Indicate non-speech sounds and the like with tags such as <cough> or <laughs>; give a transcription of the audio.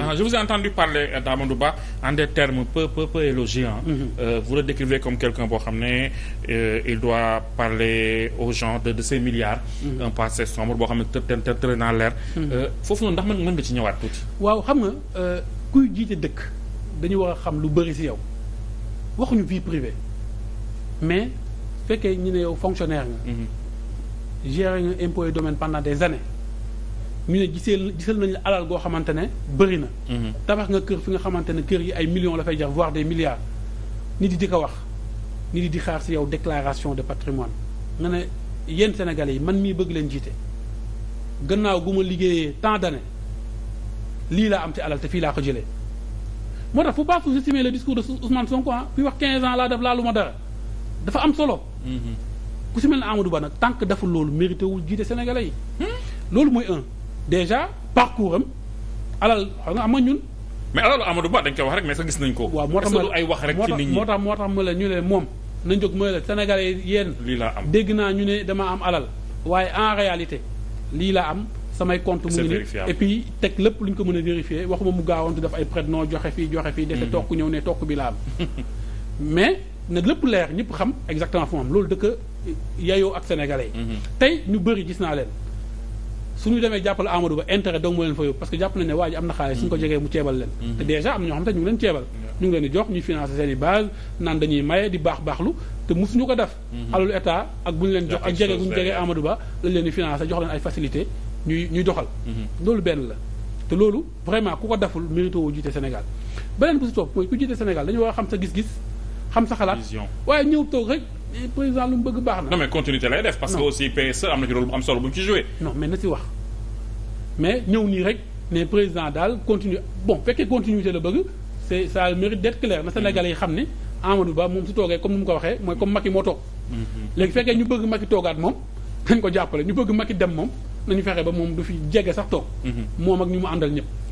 Ah, je vous ai entendu parler euh, d'Amadou Ba en des termes peu peu peu élogieux mm -hmm. vous le décrivez comme quelqu'un boo xam ne euh, il doit parler aux gens de de ses milliards mm -hmm. sombre boo xam ne te te dans l'air mm-hmm. euh, foofu noonu ndax mën mën nga ci ñëwaat tuuti waaw xam nga kuy jiite dëkk dañu war a xam lu bëri si yow waxuñu vie privée mais fekkee ñu ne yow fonctionnaire nga mm-hmm. gérer nga impôt et domaine pendant des années ñu ne gisee gisal nañu alal goo xamante ne bëri na. Mhm. tabax nga kër fi nga xamante ne kër yi ay million la fay jar voire des milliards. nit yi di ko wax nit di xaar si yow déclaration de patrimoine nga ne yéen Sénégalais yi man mii bëgg leen jiite gannaaw gu ma liggéeyee tant d'années lii laa am ci alal te fii laa ko jëlee. moo tax faut pas sous-estimer le discours de Ousmane Sonko ah bi wax 15 ans laa def laaluma dara dafa am solo. Mhm. ku si mel ne Amadou Ba nag tant deful loolu mérité wul jiite Sénégalais yi. Hmm? déjà parcours am alal xam nga am a ñun. mais alalu Amadou Ba dañ koy wax rek mais sax gis nañ ko. waaw moo tax ma ay wax rek ci nit ñi moo tax moo tax ma la ñu ne moom nañ jóg mooy la Sénégalais yéen. lii am dégg naa ñu ne dama am alal. waaye en réalité lii laa am. samay compte mu ngi nii et puis teg lépp lu ñu ko mën a vérifier waxuma mu gaawantu def ay prêt non joxe fii joxe fii defe mm-hmm. tokk ñëw ne tokk bi la am <laughs> mais nag lépp leer ñëpp xam exactement fu mu am loolu dëkk yayoo ak sénégalais yi mm-hmm. tey ñu bëri gis naa leen suñu demee jàppale Amadou Ba intérêt dong leen fa yóbbu parce que jàpp nañ ne am na xaalis suñu ko jegee mu ceebal leen mhm. te déjà am na ñoo ñu ngi leen ceebal ñu ngi leen di i base naan dañuy maye ko def mhm. leen jox ak jege bu ñu jegee Amadou jox leen ay facilité ñuy ñuy doxal mhm. loolu benn la te loolu vraiment ku ko deful mérite woo jiite Sénégal beneen bu si topp mooy ku jiite Sénégal dañu war xam sa gis-gis xam sa xalaat waaye ñëw toog rek mais eh, président lu mu bëgg baax na. non mais continuité lay def. parce que aussi PSE am na ci rôle bu am solo bu ñu ci joué. non mais na ci wax mais ñëw nii rek ne président daal continue bon fekkee continuité la bëgg c'est ça mérite d'être clair na Sénégalais yi xam ne Amadou Ba moom su toogee comme ni mu ko waxee mooy comme Macky moo toog. Mm-hmm. léegi fekkee ñu bëgg Macky toogaat moom dañ ko jàppale ñu bëgg Macky dem moom nañu fexe ba moom du fi jege sax toog. Mm-hmm. moom ak ñu mu àndal ñëpp.